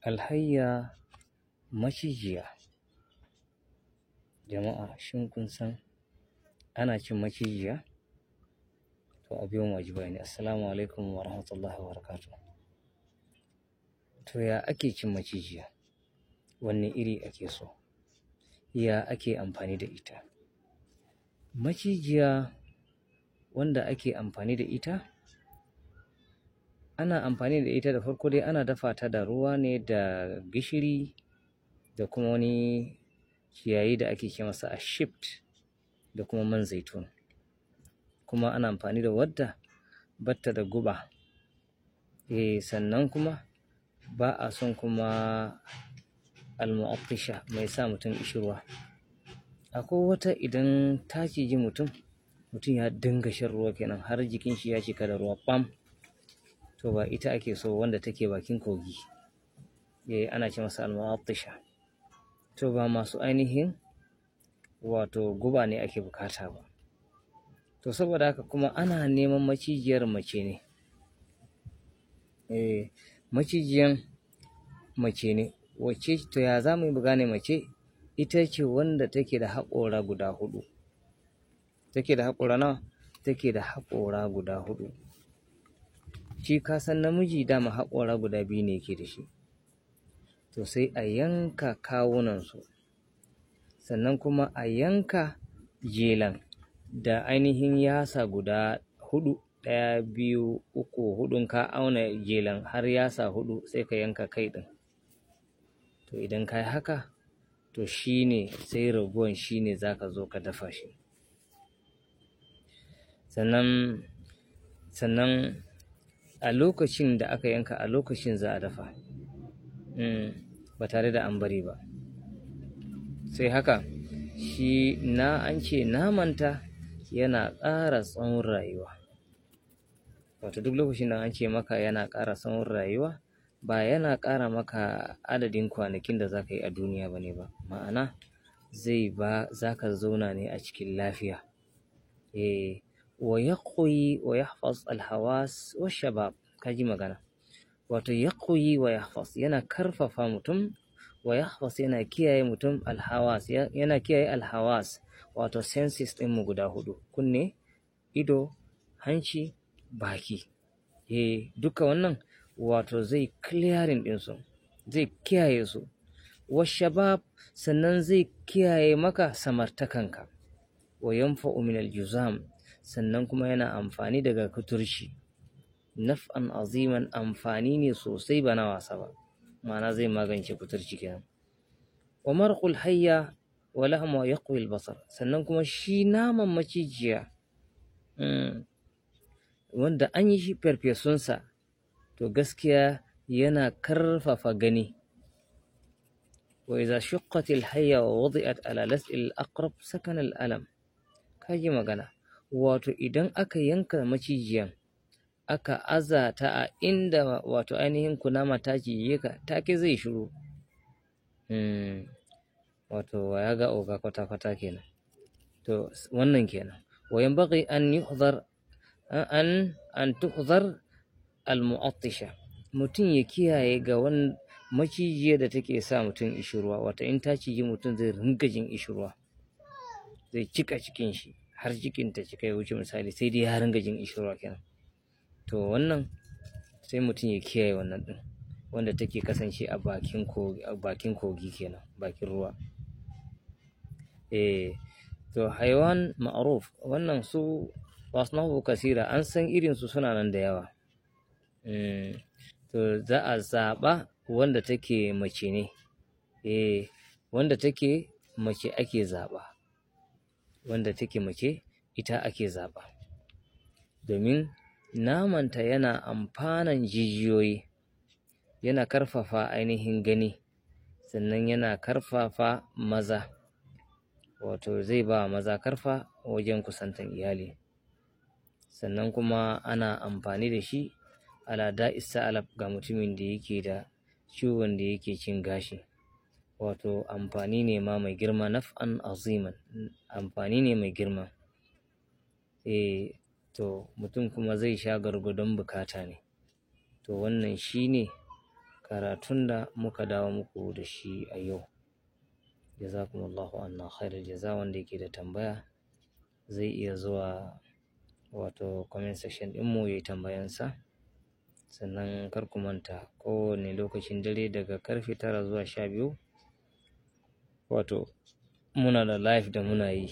Alhayya macijiya. Jama'a shin kun san ana cin macijiya? To a biyo mu ne, Assalamu alaikum wa rahmatullahi wa barakatuh. To ya ake cin macijiya? Wanne iri ake so? Ya ake amfani da ita? Macijiya wanda ake amfani da ita ana amfani da ita da farko dai ana dafa ta da ruwa ne da gishiri da kuma wani ciyayi da ake ke masa a shift da kuma man zaitun kuma ana amfani da wadda batta da guba E sannan kuma ba a son kuma almu'affisha mai sa mutum ishirwa akwai wata idan ta ji mutum mutum ya dinga shan ruwa kenan har jikin shi ya ci da ruwa bam to ba ita ake so wanda take bakin kogi eh ana ce masa almu'attisha to ba masu ainihin wato guba ne ake bukata ba to saboda haka kuma ana neman macijiyar mace ne eh macijiyan mace ne wace to ya za yi bugane mace ita ce wanda take da haƙora guda hudu take da haƙora nawa take da haƙora guda hudu shi ka san namiji dama haƙora guda biyu ne yake da shi to sai a yanka kawunan su. sannan kuma a yanka jelan da ainihin yasa guda hudu ɗaya biyu uku hudun ka auna jelan har yasa hudu sai ka yanka kai ɗin to idan ka yi haka to shi ne sai raguwan shi ne za ka zo ka dafa shi sannan sannan a lokacin da aka yanka a lokacin za a dafa mm, ba tare da an bari ba sai haka shi na an ce namanta yana ƙara tsawon rayuwa wato duk lokacin da an ce maka yana ƙara tsawon rayuwa ba yana ƙara maka adadin kwanakin da za ka yi a duniya ba ne ba ma'ana zai ba za ka zauna ne a cikin lafiya eh wa yaqwi wa yahfaz alhawas wa shabab kaji magana wato yaqwi wa yana karfafa mutum wa yana kiyaye mutum alhawas yana kiyaye alhawas wato senses din mu guda hudu kunne ido hanci baki eh duka wannan wato zai clearing din su zai kiyaye su wa shabab sannan zai kiyaye maka samartakanka wa yanfa'u min aljuzam sannan kuma yana amfani daga kuturshi naf'an aziman amfani ne sosai ba na wasa ba ma'ana zai magance kuturci kenan wa marqul hayya wa lahmu yaqwi basar sannan kuma shi naman macijiya mm, wanda an yi shi farfesunsa to gaskiya yana karfafa gani Wa wa wudi'at ala lasl al aqrab sakana al alam kaji magana. wato idan aka yanka macijiyan aka aza ta a inda wato ainihin kunama ta cije ka take zai shiru hmm, Wato wato ya ga oga kwata-kwata kenan to wannan kenan wayan baki an yuhzar an an tuhzar almu'attisha mutum ya kiyaye ga wani macijiyar da take sa mutum ishirwa wata in ta ciji mutum zai ringa jin ishirwa zai cika cikin shi har jikin ta cika ya wuce misali sai dai ya ringa jin ishirwa kenan to wannan sai mutum ya kiyaye wannan ɗin wanda take kasance a bakin kogi a bakin kogi kenan bakin ruwa eh to haiwan ma'ruf wannan su wasnahu kasira an san irin su suna nan da yawa eh, to za a zaɓa wanda take mace ne eh wanda take mace ake zaɓa wanda take mace ita ake zaɓa domin namanta yana amfanan jijiyoyi yana karfafa ainihin gani sannan yana karfafa maza wato zai ba maza karfa wajen kusantan iyali sannan kuma ana amfani da shi ala da'is alaf ga mutumin da yake da ciwon da yake cin gashi wato amfani ne ma mai girma naf'an aziman amfani ne mai girma eh to mutum kuma zai sha gwargwadon bukata ne to wannan shi ne karatun da muka dawo muku da shi a yau jazakumullahu anna khairal jaza wanda yake da tambaya zai iya zuwa wato comment section ɗinmu ya yi tambayansa sannan kar ku manta kowane lokacin dare daga karfe tara zuwa sha biyu wato muna da life da muna yi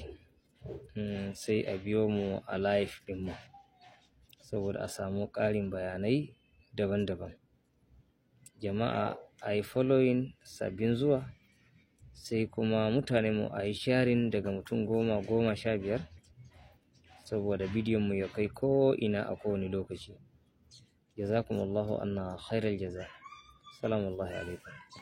hmm, sai a biyo mu a life live mu saboda a samu ƙarin bayanai daban-daban jama'a a yi following sabbin zuwa sai kuma mutane mu a yi sharing daga mutum goma goma sha biyar saboda bidiyon mu ya kai ko ina a kowane lokaci jazakumullahu anna khairal jaza salamu alaikum